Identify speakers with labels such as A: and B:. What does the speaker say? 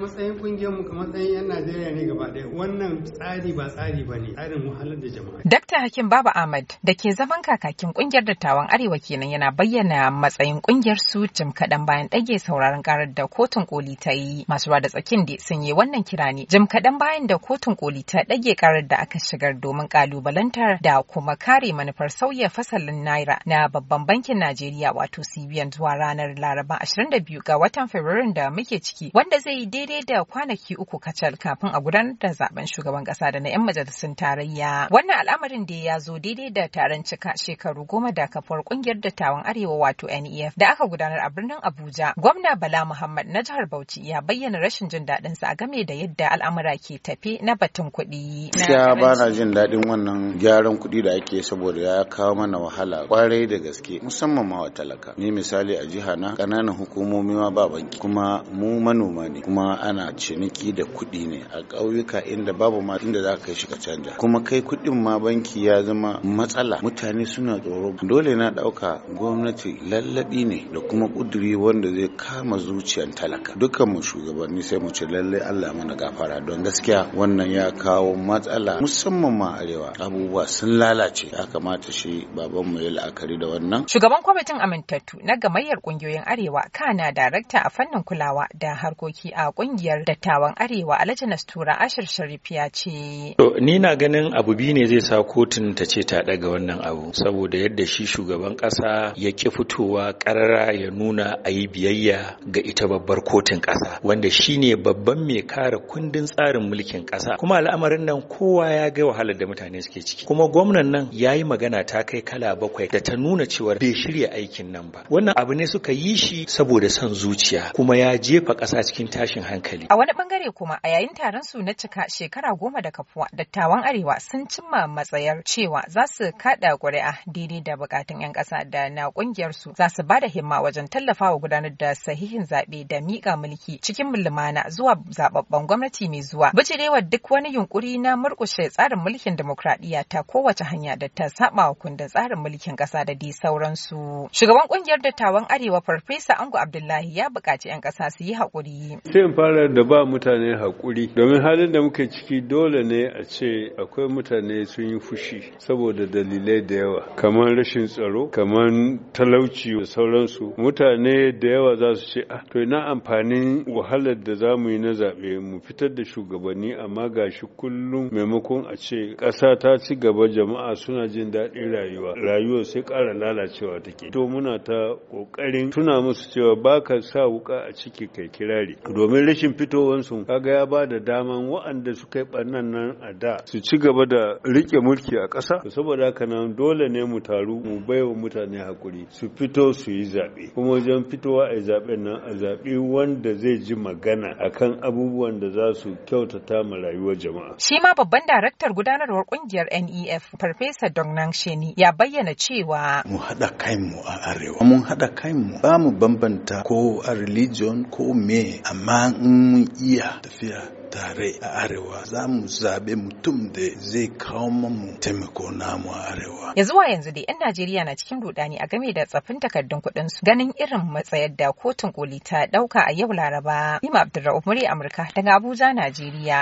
A: matsayin kungiyar mu kamar matsayin 'yan Najeriya ne gaba ɗaya wannan tsari ba tsari ba ne tsarin wahalar
B: da jama'a.
C: Dr. Hakim Baba Ahmad da ke zaman kakakin kungiyar dattawan Arewa kenan yana bayyana matsayin kungiyar su jim kaɗan bayan ɗage sauraron karar da kotun koli ta yi masu da tsakin da sun yi wannan kira ne jim kaɗan bayan da kotun koli ta ɗage karar da aka shigar domin ƙalubalantar, da kuma kare manufar sauya fasalin naira na babban bankin Najeriya wato CBN zuwa ranar Laraba 22 ga watan Fabrairun da muke ciki wanda zai yi daidai da kwanaki uku kacal kafin a gudanar da zaben shugaban kasa da na 'yan majalisun tarayya. Wannan al'amarin da ya zo daidai da taron cika shekaru goma da kafar kungiyar dattawan Arewa wato NEF da aka gudanar a birnin Abuja. Gwamna Bala Muhammad na jihar Bauchi ya bayyana rashin jin daɗin sa game da yadda al'amura ke tafe na batun kuɗi. ya ba na
D: jin daɗin wannan gyaran kuɗi da ake saboda ya kawo mana wahala kwarai da gaske musamman ma wa talaka. Ni misali a jiha na ƙananan hukumomi ma ba banki kuma mu manoma ne kuma ana ciniki da kuɗi ne a ƙauyuka inda babu ma inda za ka kai shi canja kuma kai kuɗin ma banki ya zama matsala mutane suna tsoro dole na ɗauka gwamnati lallabi ne da kuma ƙuduri wanda zai kama zuciyar talaka dukkan mu shugabanni sai mu ci lallai Allah mana gafara don gaskiya wannan ya kawo matsala musamman ma arewa abubuwa sun lalace ya kamata shi baban mu ya la'akari da wannan
C: shugaban kwamitin amintattu na gamayyar ƙungiyoyin arewa kana darakta a fannin kulawa da harkoki a kungiyar dattawan Arewa Alhaji Nastura Ashir Sharif ya ce.
B: ni na ganin abu biyu ne zai sa kotun ta ce ta daga wannan abu saboda yadda shi shugaban kasa ya ki fitowa karara ya nuna a yi biyayya ga ita babbar kotun kasa wanda shi ne babban mai kare kundin tsarin mulkin kasa kuma al'amarin nan kowa ya ga wahalar da mutane suke ciki kuma gwamnan nan ya yi magana ta kai kala bakwai da ta nuna cewa bai shirya aikin nan ba wannan abu ne suka yi shi saboda son zuciya kuma ya jefa kasa cikin tashin hankali hankali. A
C: wani bangare kuma a yayin taron su na cika shekara goma da kafuwa dattawan Arewa sun cimma matsayar cewa za su kada ƙuri'a daidai da bukatun 'yan ƙasa da na ƙungiyar su za su bada himma wajen tallafawa gudanar da sahihin zaɓe da miƙa mulki cikin mulmana zuwa zaɓaɓɓen gwamnati mai zuwa. Bijirewa duk wani yunkuri na murƙushe tsarin mulkin demokradiyya ta kowace hanya da ta saba wa kundin tsarin mulkin ƙasa da dai sauransu. Shugaban ƙungiyar dattawan Arewa Farfesa Ango Abdullahi ya buƙaci 'yan ƙasa su yi haƙuri.
A: shawarar da ba mutane haƙuri domin halin da muke ciki dole ne a ce akwai mutane sun yi fushi saboda dalilai da yawa kamar rashin tsaro kamar talauci da sauransu mutane da yawa za su ce ah to ina amfanin wahalar da za mu yi na zaɓe mu fitar da shugabanni amma ga shi kullum maimakon a ce ƙasa ta ci gaba jama'a suna jin daɗin rayuwa rayuwa sai ƙara lalacewa take to muna ta ƙoƙarin tuna musu cewa baka sa wuƙa a ciki kai kirari domin rashin fitowansu kaga ya ba da daman waɗanda suka yi ɓannan nan a da su ci gaba da rike mulki a ƙasa saboda haka nan dole ne mu taru mu baiwa mutane hakuri su fito su yi zaɓe kuma wajen fitowa a zaɓen nan a zaɓe wanda zai ji magana akan abubuwan da za su kyautata ma rayuwar jama'a
C: shi ma babban daraktar gudanarwar kungiyar NEF farfesa Dongnan Sheni ya bayyana cewa mu
A: haɗa mu a arewa mun
D: haɗa mu. ba mu bambanta ko a religion ko me amma in mun iya tafiya tare a arewa za mu zaɓe mutum da zai kawo mu taimako namu a arewa.
C: Ya zuwa yanzu dai 'yan Najeriya na cikin rudani a game da tsafin takardun kuɗin su ganin irin matsayar da kotun koli ta ɗauka a yau Laraba. Ima Abdulrahman Murya Amurka daga Abuja, Najeriya.